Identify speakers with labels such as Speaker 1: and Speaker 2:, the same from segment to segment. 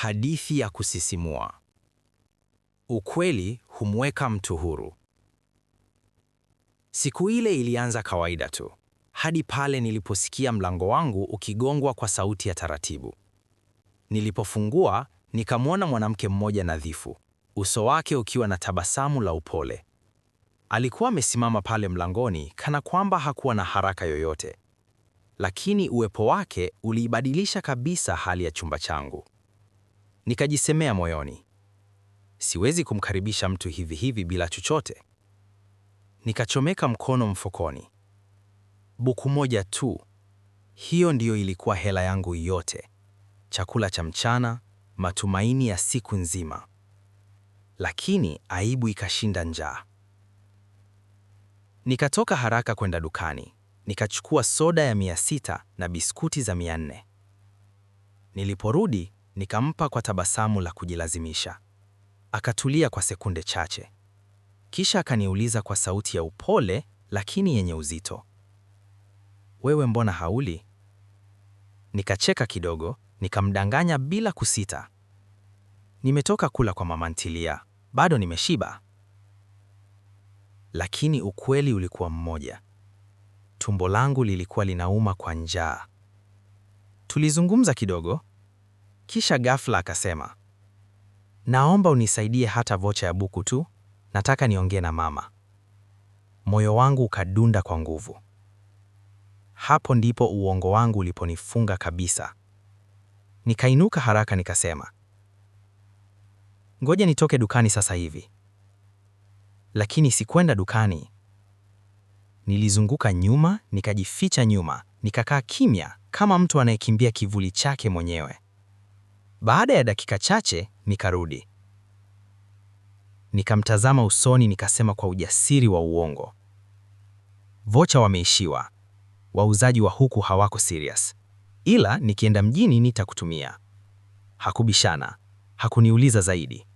Speaker 1: Hadithi ya kusisimua. Ukweli humweka mtu huru. Siku ile ilianza kawaida tu, hadi pale niliposikia mlango wangu ukigongwa kwa sauti ya taratibu. Nilipofungua, nikamwona mwanamke mmoja nadhifu, uso wake ukiwa na tabasamu la upole. Alikuwa amesimama pale mlangoni kana kwamba hakuwa na haraka yoyote, lakini uwepo wake uliibadilisha kabisa hali ya chumba changu. Nikajisemea moyoni, siwezi kumkaribisha mtu hivi hivi bila chochote. Nikachomeka mkono mfukoni, buku moja tu. Hiyo ndiyo ilikuwa hela yangu yote, chakula cha mchana, matumaini ya siku nzima. Lakini aibu ikashinda njaa. Nikatoka haraka kwenda dukani, nikachukua soda ya mia sita na biskuti za mia nne. Niliporudi nikampa kwa tabasamu la kujilazimisha. Akatulia kwa sekunde chache, kisha akaniuliza kwa sauti ya upole lakini yenye uzito, wewe mbona hauli? Nikacheka kidogo, nikamdanganya bila kusita, nimetoka kula kwa mama ntilia, bado nimeshiba. Lakini ukweli ulikuwa mmoja, tumbo langu lilikuwa linauma kwa njaa. Tulizungumza kidogo kisha ghafla akasema, naomba unisaidie hata vocha ya buku tu, nataka niongee na mama. Moyo wangu ukadunda kwa nguvu. Hapo ndipo uongo wangu uliponifunga kabisa. Nikainuka haraka nikasema, ngoja nitoke dukani sasa hivi. Lakini sikwenda dukani. Nilizunguka nyuma, nikajificha nyuma, nikakaa kimya kama mtu anayekimbia kivuli chake mwenyewe. Baada ya dakika chache nikarudi, nikamtazama usoni, nikasema kwa ujasiri wa uongo, vocha wameishiwa, wauzaji wa huku hawako serious, ila nikienda mjini nitakutumia. Hakubishana, hakuniuliza zaidi,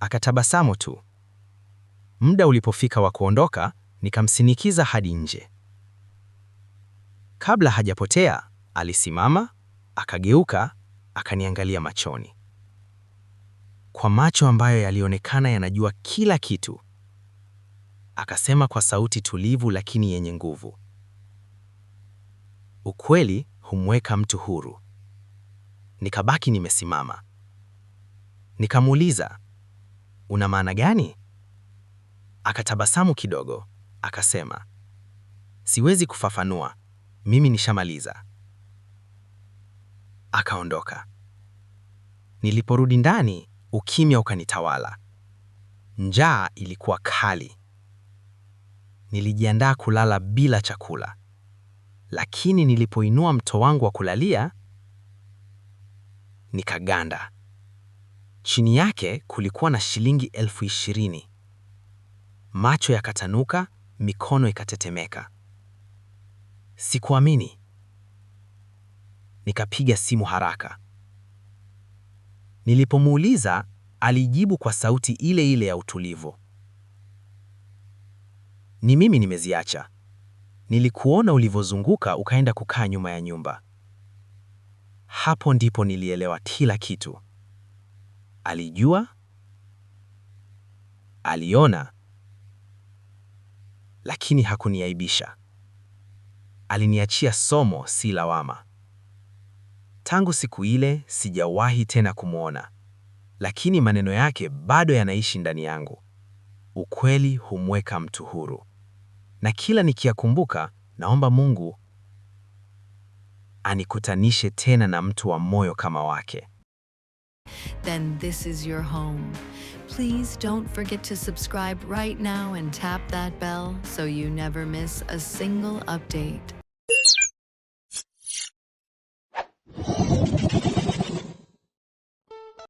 Speaker 1: akatabasamu tu. Muda ulipofika wa kuondoka, nikamsinikiza hadi nje. Kabla hajapotea, alisimama Akageuka, akaniangalia machoni kwa macho ambayo yalionekana yanajua kila kitu. Akasema kwa sauti tulivu lakini yenye nguvu, ukweli humweka mtu huru. Nikabaki nimesimama, nikamuuliza una maana gani? Akatabasamu kidogo, akasema siwezi kufafanua, mimi nishamaliza akaondoka. Niliporudi ndani, ukimya ukanitawala. Njaa ilikuwa kali. Nilijiandaa kulala bila chakula, lakini nilipoinua mto wangu wa kulalia nikaganda. Chini yake kulikuwa na shilingi elfu ishirini. Macho yakatanuka, mikono ikatetemeka. Sikuamini nikapiga simu haraka. Nilipomuuliza, alijibu kwa sauti ile ile ya utulivu, ni mimi nimeziacha, nilikuona ulivyozunguka ukaenda kukaa nyuma ya nyumba. Hapo ndipo nilielewa kila kitu. Alijua, aliona, lakini hakuniaibisha. Aliniachia somo, si lawama. Tangu siku ile sijawahi tena kumwona, lakini maneno yake bado yanaishi ndani yangu. Ukweli humweka mtu huru, na kila nikiyakumbuka, naomba Mungu anikutanishe tena na mtu wa moyo kama wake. Then this is your home. Please don't forget to subscribe right now and tap that bell so you never miss a single update.